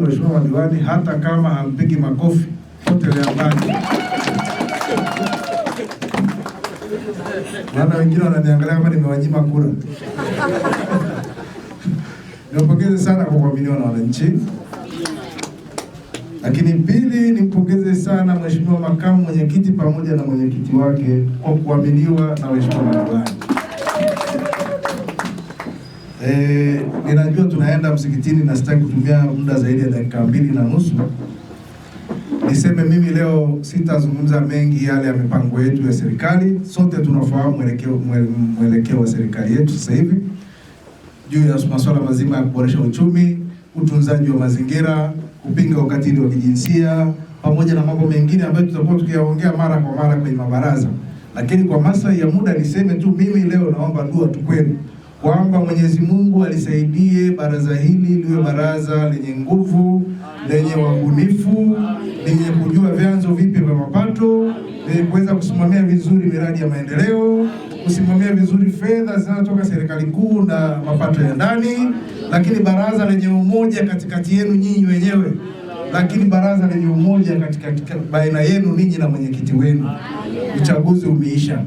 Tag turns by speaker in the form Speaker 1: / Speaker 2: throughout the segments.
Speaker 1: Mheshimiwa madiwani hata kama hampigi makofi poteleambani maana wengine wananiangalia kama nimewanyima kura. Niwapongeze sana kwa kuaminiwa na wananchi, lakini pili, nimpongeze sana Mheshimiwa makamu mwenyekiti pamoja na mwenyekiti wake kwa kuaminiwa na Mheshimiwa madiwani. Eh, ninajua tunaenda msikitini na sitaki kutumia muda zaidi ya dakika mbili na nusu. Niseme mimi leo sitazungumza mengi yale ya mipango yetu ya serikali. Sote tunafahamu mwelekeo mwelekeo wa serikali yetu sasa hivi juu ya masuala mazima ya kuboresha uchumi, utunzaji wa mazingira, kupinga ukatili wa kijinsia pamoja na mambo mengine ambayo tutakuwa tukiyaongea mara kwa mara kwenye mabaraza, lakini kwa maslahi ya muda niseme tu, mimi leo naomba dua tu kwenu kwamba Mwenyezi Mungu alisaidie baraza hili liwe baraza lenye nguvu, lenye wabunifu, lenye kujua vyanzo vipi vya mapato, lenye kuweza kusimamia vizuri miradi ya maendeleo, kusimamia vizuri fedha zinazotoka serikali kuu na mapato ya ndani, lakini baraza lenye umoja katikati yenu nyinyi wenyewe lakini baraza lenye umoja katika baina yenu ninyi na mwenyekiti wenu. Uchaguzi umeisha.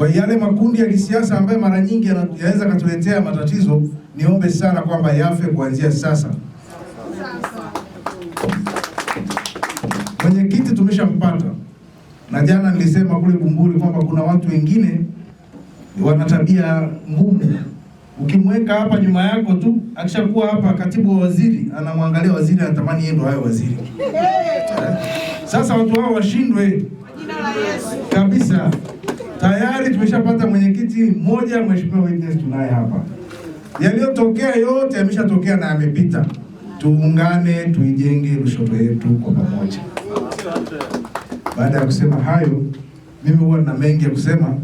Speaker 1: Kwa yale makundi ya kisiasa ambayo mara nyingi yanaweza katuletea matatizo, niombe sana kwamba yafe kuanzia sasa. Mwenyekiti tumeshampata, na jana nilisema kule Bumbuli kwamba kuna watu wengine wana tabia ngumu. Ukimweka hapa nyuma yako tu, akishakuwa hapa katibu wa waziri anamwangalia waziri, anatamani yeye ndo hayo waziri. Sasa watu hao washindwe kabisa tayari tumeshapata mwenyekiti mmoja, mheshimiwa witness tunaye hapa. Yaliyotokea yote yameshatokea na yamepita. Tuungane, tuijenge Lushoto yetu kwa pamoja. Baada ya kusema hayo, mimi huwa na mengi ya kusema,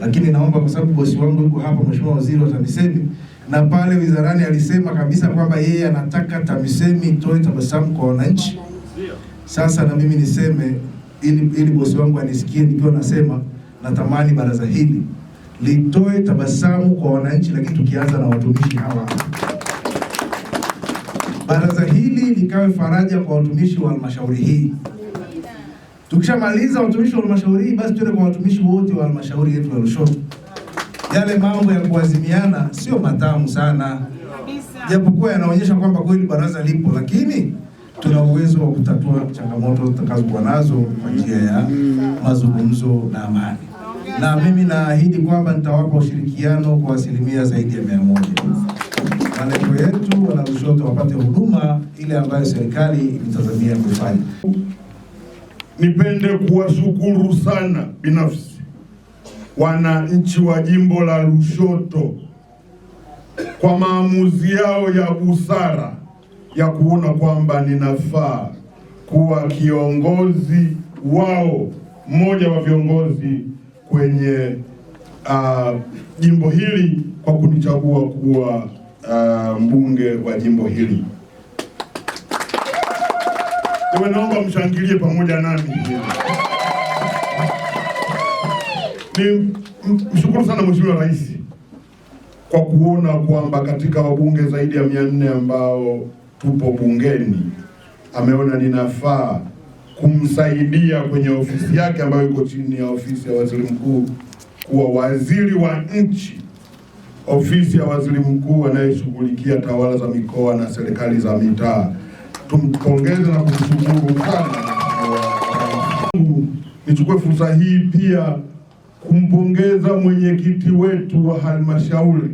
Speaker 1: lakini naomba kwa sababu bosi wangu yuko hapa, mheshimiwa waziri wa TAMISEMI, na pale wizarani alisema kabisa kwamba yeye anataka TAMISEMI itoe tabasamu kwa wananchi. Sasa na mimi niseme ili, ili bosi wangu anisikie nikiwa nasema natamani baraza hili litoe tabasamu kwa wananchi, lakini tukianza na watumishi hawa. Baraza hili likawe faraja kwa watumishi wa halmashauri hii. Tukishamaliza watumishi wa halmashauri hii, basi tuende kwa watumishi wote wa halmashauri yetu ya Lushoto. Yale mambo ya kuazimiana sio matamu sana, japokuwa yanaonyesha kwamba kweli baraza lipo, lakini tuna uwezo wa kutatua changamoto tutakazokuwa nazo kwa njia ya mm. mazungumzo na amani na mimi naahidi kwamba nitawapa ushirikiano kwa asilimia zaidi ya mia moja. Malengo yetu wanalushoto wapate huduma ile ambayo serikali imetazamia kufanya. Nipende kuwashukuru sana binafsi wananchi wa jimbo la Lushoto kwa maamuzi yao ya busara ya kuona kwamba ninafaa kuwa kiongozi wao, mmoja wa viongozi kwenye uh, jimbo hili kwa kunichagua kuwa uh, mbunge wa jimbo hili. Ewe, naomba mshangilie pamoja nami. Ni mshukuru sana Mheshimiwa Rais kwa kuona kwamba katika wabunge zaidi ya mia nne ambao tupo bungeni ameona ninafaa kumsaidia kwenye ofisi yake ambayo iko chini ya ofisi ya waziri mkuu kuwa waziri wa nchi, ofisi ya waziri mkuu anayeshughulikia tawala za mikoa na serikali za mitaa. Tumpongeze na kumshukuru sana. Nichukue fursa hii pia kumpongeza mwenyekiti wetu wa halmashauri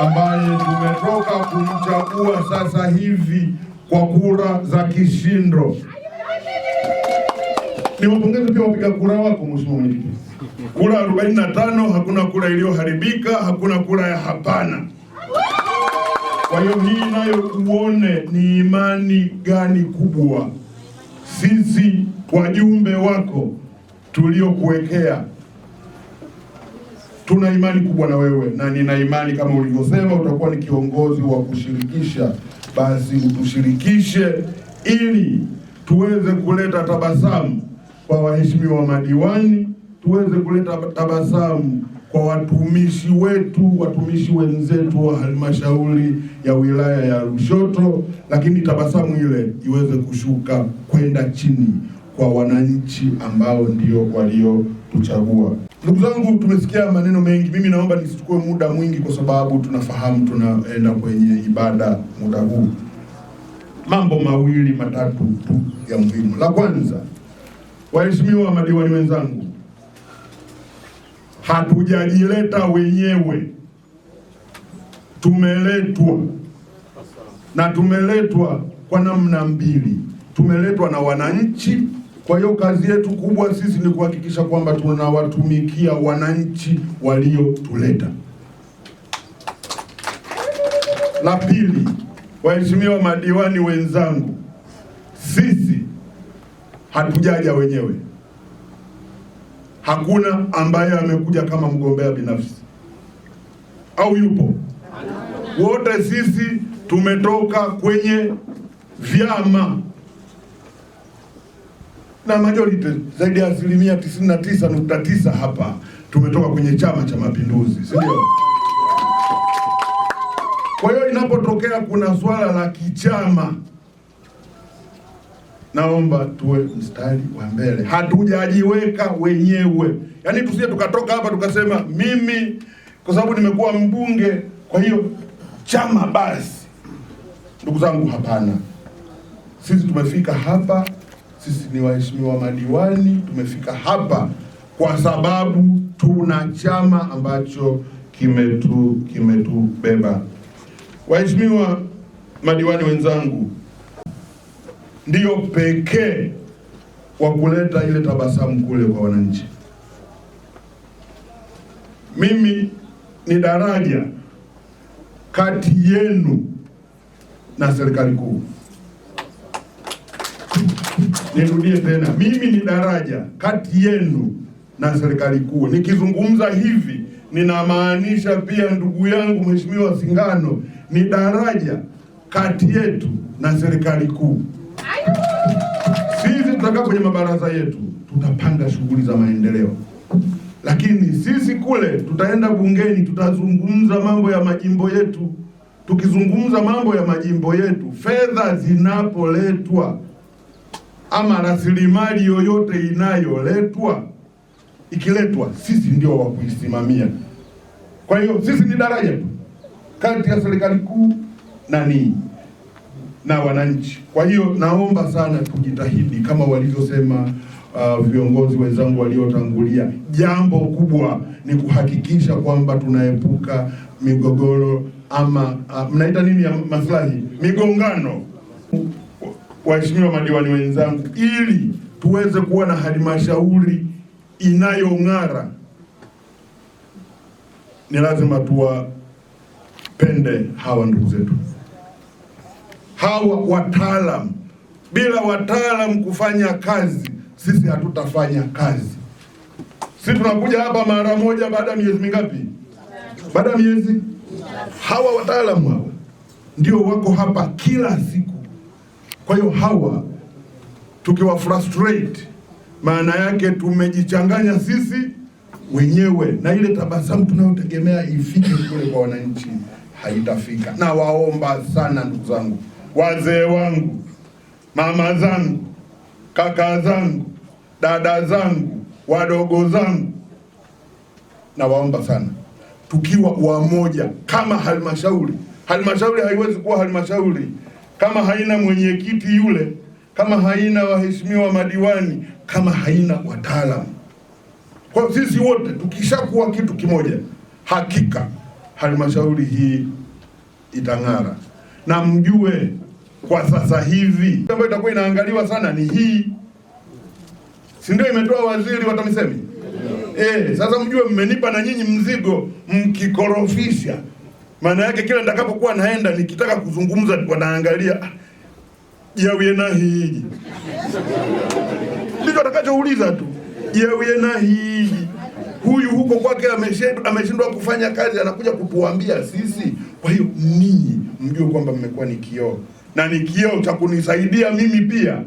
Speaker 1: ambaye tumetoka kumchagua sasa hivi kwa kura za kishindo. Niwapongeze pia wapiga kura wako, mheshimiwa mwenyekiti. Kura 45, hakuna kura iliyoharibika, hakuna kura ya hapana. Kwa hiyo hii nayo uone ni imani gani kubwa sisi wajumbe wako tuliokuwekea tuna imani kubwa na wewe, na nina imani kama ulivyosema utakuwa ni kiongozi wa kushirikisha, basi utushirikishe ili tuweze kuleta tabasamu kwa waheshimiwa madiwani, tuweze kuleta tabasamu kwa watumishi wetu, watumishi wenzetu wa halmashauri ya wilaya ya Lushoto, lakini tabasamu ile iweze kushuka kwenda chini kwa wananchi ambao ndio waliotuchagua. Ndugu zangu, tumesikia maneno mengi. Mimi naomba nisichukue muda mwingi, kwa sababu tunafahamu tunaenda kwenye ibada muda huu. Mambo mawili matatu tu ya muhimu. La kwanza Waheshimiwa madiwani wenzangu, hatujajileta wenyewe, tumeletwa na tumeletwa kwa namna mbili. Tumeletwa na wananchi. Kwa hiyo kazi yetu kubwa sisi ni kuhakikisha kwamba tunawatumikia wananchi waliotuleta. La pili, waheshimiwa madiwani wenzangu, sisi hatujaja wenyewe. Hakuna ambaye amekuja kama mgombea binafsi au yupo? Wote sisi tumetoka kwenye vyama na majority zaidi ya asilimia tisini na tisa nukta tisa hapa tumetoka kwenye Chama cha Mapinduzi, si ndio? Kwa hiyo inapotokea kuna swala la kichama naomba tuwe mstari wa mbele, hatujajiweka wenyewe. Yaani tusije tukatoka hapa tukasema mimi kwa sababu nimekuwa mbunge, kwa hiyo chama basi. Ndugu zangu, hapana. Sisi tumefika hapa, sisi ni waheshimiwa madiwani, tumefika hapa kwa sababu tuna chama ambacho kimetu kimetubeba. Waheshimiwa madiwani wenzangu ndiyo pekee wa kuleta ile tabasamu kule kwa wananchi. Mimi ni daraja kati yenu na serikali kuu. Nirudie tena, mimi ni daraja kati yenu na serikali kuu. Nikizungumza hivi, ninamaanisha pia ndugu yangu Mheshimiwa Singano, ni daraja kati yetu na serikali kuu. Sisi tutakaa kwenye mabaraza yetu, tutapanga shughuli za maendeleo, lakini sisi kule tutaenda bungeni, tutazungumza mambo ya majimbo yetu. Tukizungumza mambo ya majimbo yetu, fedha zinapoletwa ama rasilimali yoyote inayoletwa ikiletwa, sisi ndio wa kuisimamia. Kwa hiyo sisi ni daraja tu kati ya serikali kuu na ninyi na wananchi. Kwa hiyo naomba sana tujitahidi kama walivyosema uh, viongozi wenzangu waliotangulia, jambo kubwa ni kuhakikisha kwamba tunaepuka migogoro ama uh, mnaita nini ya maslahi, migongano. Waheshimiwa madiwani wenzangu, ili tuweze kuwa na halmashauri inayong'ara ni lazima tuwapende hawa ndugu zetu hawa wataalam. Bila wataalam kufanya kazi, sisi hatutafanya kazi. Sisi tunakuja hapa mara moja baada ya miezi mingapi? Baada ya miezi. Hawa wataalam hawa ndio wako hapa kila siku. Kwa hiyo hawa tukiwa frustrate, maana yake tumejichanganya sisi wenyewe na ile tabasamu tunayotegemea ifike kule kwa wananchi haitafika. Na waomba sana ndugu zangu wazee wangu, mama zangu, kaka zangu, dada zangu, wadogo zangu, nawaomba sana, tukiwa wamoja kama halmashauri. Halmashauri haiwezi kuwa halmashauri kama haina mwenyekiti yule, kama haina waheshimiwa madiwani, kama haina wataalamu. Kwa sisi wote tukishakuwa kitu kimoja, hakika halmashauri hii itang'ara, na mjue kwa sasa hivi ambayo itakuwa inaangaliwa sana ni hii, si ndio? Imetoa waziri wa TAMISEMI yeah. E, sasa mjue mmenipa na nyinyi mzigo mkikorofisha, maana yake kila nitakapokuwa naenda nikitaka kuzungumza wanaangalia jawie ah, na hii ndicho atakachouliza tu, jawie na hii huyu huko kwake ameshindwa kufanya kazi, anakuja kutuambia sisi. Kwa hiyo ninyi mjue kwamba mmekuwa ni kioo na ni kioo cha kunisaidia mimi pia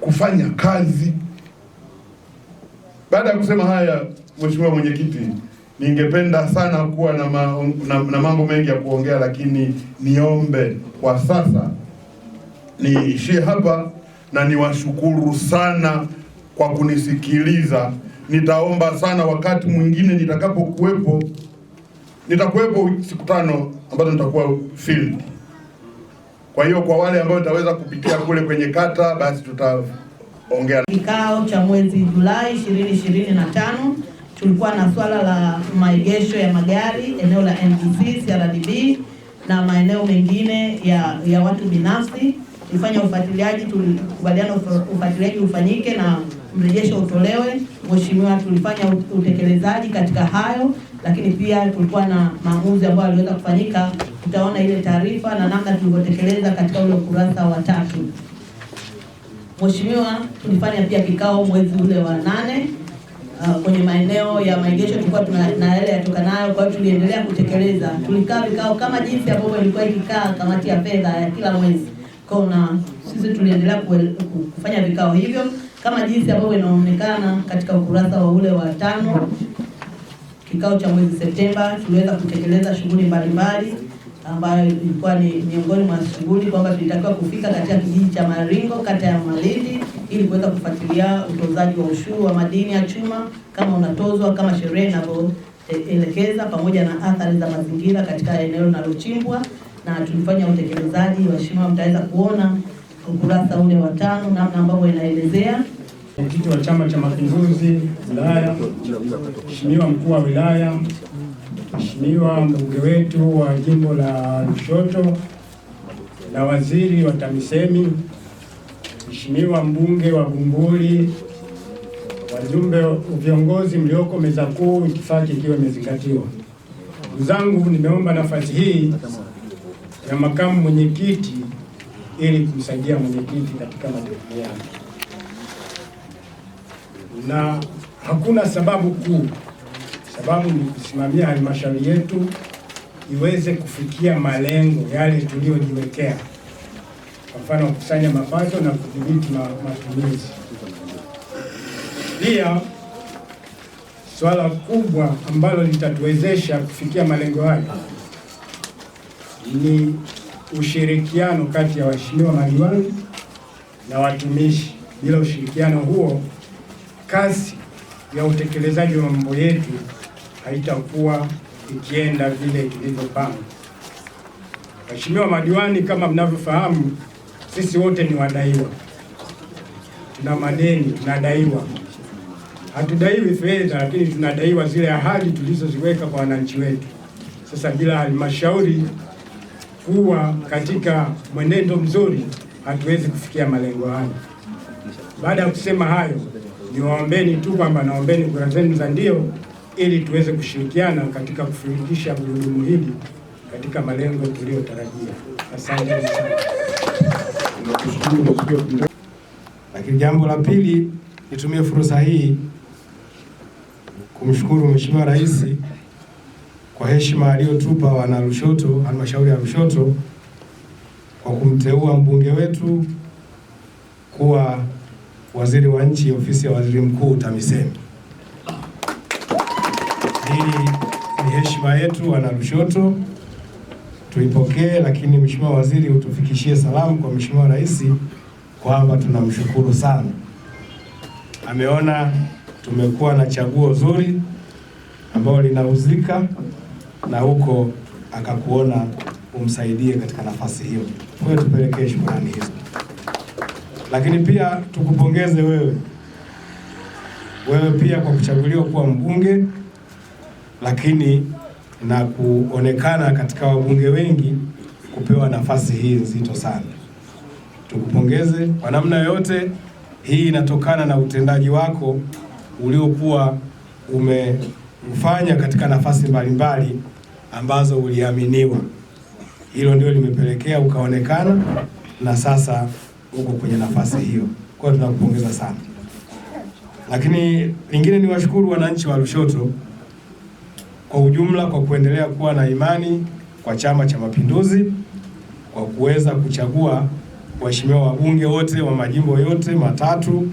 Speaker 1: kufanya kazi. Baada ya kusema haya, Mheshimiwa Mwenyekiti, ningependa sana kuwa na, ma, na, na mambo mengi ya kuongea, lakini niombe kwa sasa niishie hapa na niwashukuru sana kwa kunisikiliza. Nitaomba sana wakati mwingine nitakapokuwepo, nitakuwepo siku tano ambazo nitakuwa field kwa hiyo kwa wale ambao itaweza kupitia kule kwenye kata, basi tutaongea.
Speaker 2: Kikao cha mwezi Julai 2025 tulikuwa na swala la maegesho ya magari eneo la NDC CRDB na maeneo mengine ya ya watu binafsi. Tulifanya ufuatiliaji, tulikubaliana ufuatiliaji ufanyike na mrejesho utolewe. Mheshimiwa, tulifanya utekelezaji katika hayo, lakini pia tulikuwa na maamuzi ambayo aliweza kufanyika tutaona ile taarifa na namna tulivyotekeleza katika ule ukurasa wa tatu. Mheshimiwa, tulifanya pia kikao mwezi ule wa nane uh, kwenye maeneo ya maegesho tulikuwa tuna yale nayo. Kwa hiyo tuliendelea kutekeleza, tulikaa vikao kama jinsi ambavyo ilikuwa ikikaa kamati ya fedha ya kila mwezi kwa na sisi tuliendelea kufanya vikao hivyo kama jinsi ambavyo inaonekana katika ukurasa wa ule wa tano. Kikao cha mwezi Septemba tuliweza kutekeleza shughuli mbalimbali ambayo ilikuwa ni miongoni mwa shughuli kwamba tulitakiwa kufika katika kijiji cha Maringo kata ya Malindi ili kuweza kufuatilia utozaji wa ushuru wa madini ya chuma kama unatozwa kama sheria inavyoelekeza, pamoja na athari za mazingira katika eneo linalochimbwa na tulifanya utekelezaji. Waheshimiwa, mtaweza kuona ukurasa ule wa tano namna ambavyo inaelezea
Speaker 1: mwenyekiti wa Chama cha Mapinduzi wilaya, mheshimiwa mkuu wa wilaya Mheshimiwa mbunge wetu wa jimbo la Lushoto na waziri wa TAMISEMI, Mheshimiwa mbunge wa Bumbuli, wajumbe, viongozi mlioko meza kuu, itifaki ikiwa imezingatiwa. Ndugu zangu, nimeomba nafasi hii ya makamu mwenyekiti ili kumsaidia mwenyekiti katika majukumu yake, na hakuna sababu kuu sababu ni kusimamia halmashauri yetu iweze kufikia malengo yale tuliyojiwekea, kwa mfano kukusanya mapato na kudhibiti matumizi. Pia swala kubwa ambalo litatuwezesha kufikia malengo hayo ni ushirikiano kati ya waheshimiwa madiwani na watumishi. Bila ushirikiano huo, kasi ya utekelezaji wa mambo yetu haitakuwa ikienda vile ilivyopangwa. Waheshimiwa madiwani, kama mnavyofahamu, sisi wote ni wadaiwa, tuna madeni, tunadaiwa. Hatudaiwi fedha, lakini tunadaiwa zile ahadi tulizoziweka kwa wananchi wetu. Sasa bila halmashauri kuwa katika mwenendo mzuri, hatuwezi kufikia malengo hayo. Baada ya kusema hayo, niwaombeni tu kwamba naombeni kura zenu za ndio ili tuweze kushirikiana katika kufanikisha gurudumu hili katika malengo tuliyotarajia. Asante sana. Lakini jambo la pili, nitumie fursa hii kumshukuru Mheshimiwa Rais kwa heshima aliyotupa wana Lushoto, halmashauri ya Lushoto kwa kumteua mbunge wetu kuwa waziri wa nchi ofisi ya waziri mkuu TAMISEMI. Hii ni heshima yetu wana Lushoto, tuipokee. Lakini Mheshimiwa Waziri, utufikishie salamu kwa Mheshimiwa Rais kwamba tunamshukuru sana, ameona tumekuwa na chaguo zuri ambalo linahuzika na huko akakuona umsaidie katika nafasi hiyo. Kwa hiyo tupelekee shukrani hizo, lakini pia tukupongeze wewe wewe pia kwa kuchaguliwa kuwa mbunge lakini na kuonekana katika wabunge wengi kupewa nafasi hii nzito sana. Tukupongeze kwa namna yoyote, hii inatokana na utendaji wako uliokuwa umefanya katika nafasi mbalimbali ambazo uliaminiwa. Hilo ndio limepelekea ukaonekana na sasa uko kwenye nafasi hiyo. Kwa hiyo tunakupongeza sana, lakini lingine ni washukuru wananchi wa Lushoto kwa ujumla kwa kuendelea kuwa na imani kwa Chama cha Mapinduzi kwa kuweza kuchagua waheshimiwa wabunge wote wa majimbo yote matatu,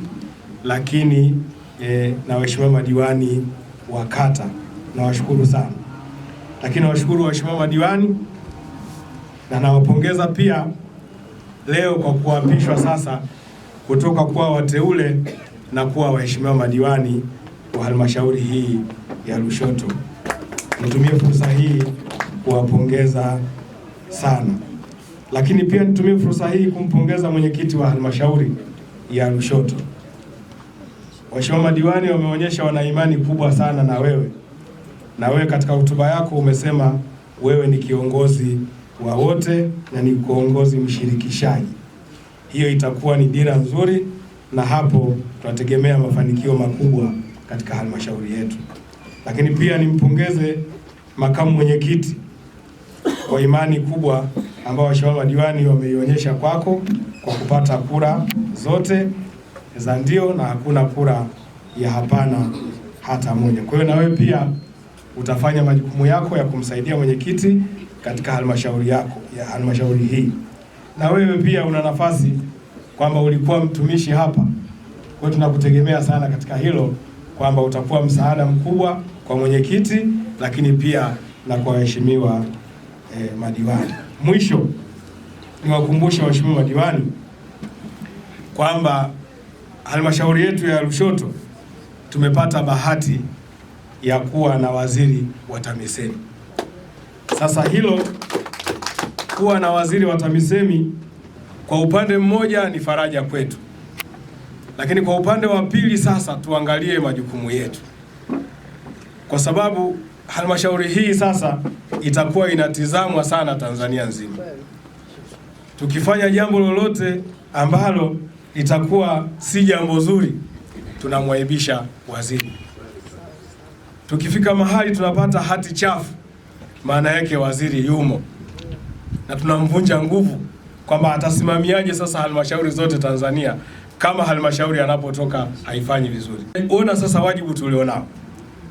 Speaker 1: lakini e, na waheshimiwa madiwani wa kata. Nawashukuru sana, lakini nawashukuru waheshimiwa madiwani na nawapongeza pia leo kwa kuapishwa sasa kutoka kuwa wateule na kuwa waheshimiwa madiwani wa halmashauri hii ya Lushoto nitumie fursa hii kuwapongeza sana, lakini pia nitumie fursa hii kumpongeza mwenyekiti wa halmashauri ya Lushoto. Waheshimiwa madiwani wameonyesha wana imani kubwa sana na wewe, na wewe katika hotuba yako umesema wewe ni kiongozi wa wote na ni kiongozi mshirikishaji. Hiyo itakuwa ni dira nzuri, na hapo tunategemea mafanikio makubwa katika halmashauri yetu. Lakini pia nimpongeze makamu mwenyekiti kwa imani kubwa ambao washauri wa diwani wameionyesha kwako kwa kupata kura zote za ndio na hakuna kura ya hapana hata moja. Kwa hiyo na wewe pia utafanya majukumu yako ya kumsaidia mwenyekiti katika halmashauri yako ya halmashauri hii. Na wewe pia una nafasi kwamba ulikuwa mtumishi hapa, kwa hiyo tunakutegemea sana katika hilo kwamba utakuwa msaada mkubwa kwa mwenyekiti, lakini pia na kwa waheshimiwa eh, madiwani. Mwisho niwakumbushe waheshimiwa madiwani kwamba halmashauri yetu ya Lushoto tumepata bahati ya kuwa na waziri wa TAMISEMI. Sasa hilo kuwa na waziri wa TAMISEMI kwa upande mmoja ni faraja kwetu, lakini kwa upande wa pili sasa tuangalie majukumu yetu kwa sababu halmashauri hii sasa itakuwa inatizamwa sana Tanzania nzima. Tukifanya jambo lolote ambalo litakuwa si jambo zuri, tunamwaibisha waziri. Tukifika mahali tunapata hati chafu, maana yake waziri yumo na tunamvunja nguvu kwamba atasimamiaje sasa halmashauri zote Tanzania kama halmashauri anapotoka haifanyi vizuri. Ona sasa wajibu tulionao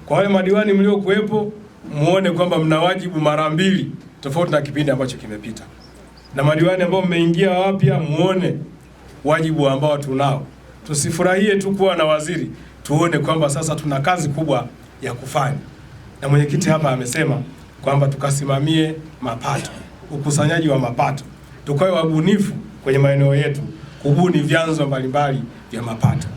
Speaker 1: kwa wale madiwani mliokuwepo, muone kwamba mna wajibu mara mbili tofauti na kipindi ambacho kimepita, na madiwani ambao mmeingia wapya, muone wajibu ambao tunao. Tusifurahie tu kuwa na waziri, tuone kwamba sasa tuna kazi kubwa ya kufanya. Na mwenyekiti hapa amesema kwamba tukasimamie mapato, ukusanyaji wa mapato, tukawe wabunifu kwenye maeneo yetu, kubuni vyanzo mbalimbali vya mapato.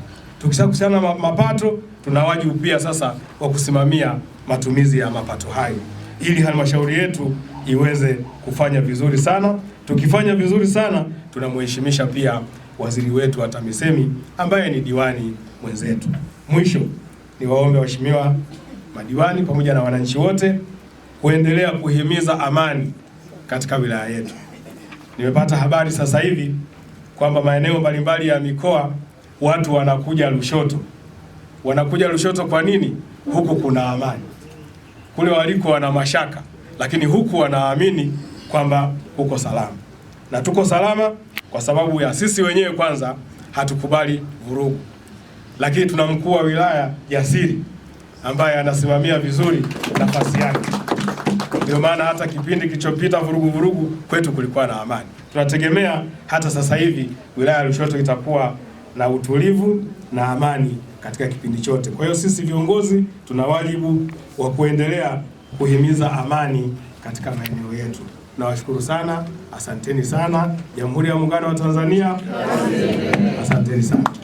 Speaker 1: Tukishakusana mapato, tuna wajibu pia sasa wa kusimamia matumizi ya mapato hayo ili halmashauri yetu iweze kufanya vizuri sana. Tukifanya vizuri sana, tunamheshimisha pia waziri wetu wa TAMISEMI ambaye ni diwani mwenzetu. Mwisho ni waombe waheshimiwa madiwani pamoja na wananchi wote kuendelea kuhimiza amani katika wilaya yetu. Nimepata habari sasa hivi kwamba maeneo mbalimbali ya mikoa watu wanakuja Lushoto. Wanakuja Lushoto kwa nini? Huku kuna amani, kule waliko wana mashaka, lakini huku wanaamini kwamba huko salama, na tuko salama kwa sababu ya sisi wenyewe. Kwanza hatukubali vurugu, lakini tuna mkuu wa wilaya jasiri ambaye anasimamia vizuri nafasi yake. Ndio maana hata kipindi kilichopita vurugu vurugu kwetu kulikuwa na amani. Tunategemea hata sasa hivi wilaya ya Lushoto itakuwa na utulivu na amani katika kipindi chote. Kwa hiyo sisi viongozi tuna wajibu wa kuendelea kuhimiza amani katika maeneo yetu. Nawashukuru sana, asanteni sana. Jamhuri ya Muungano wa Tanzania, asanteni sana.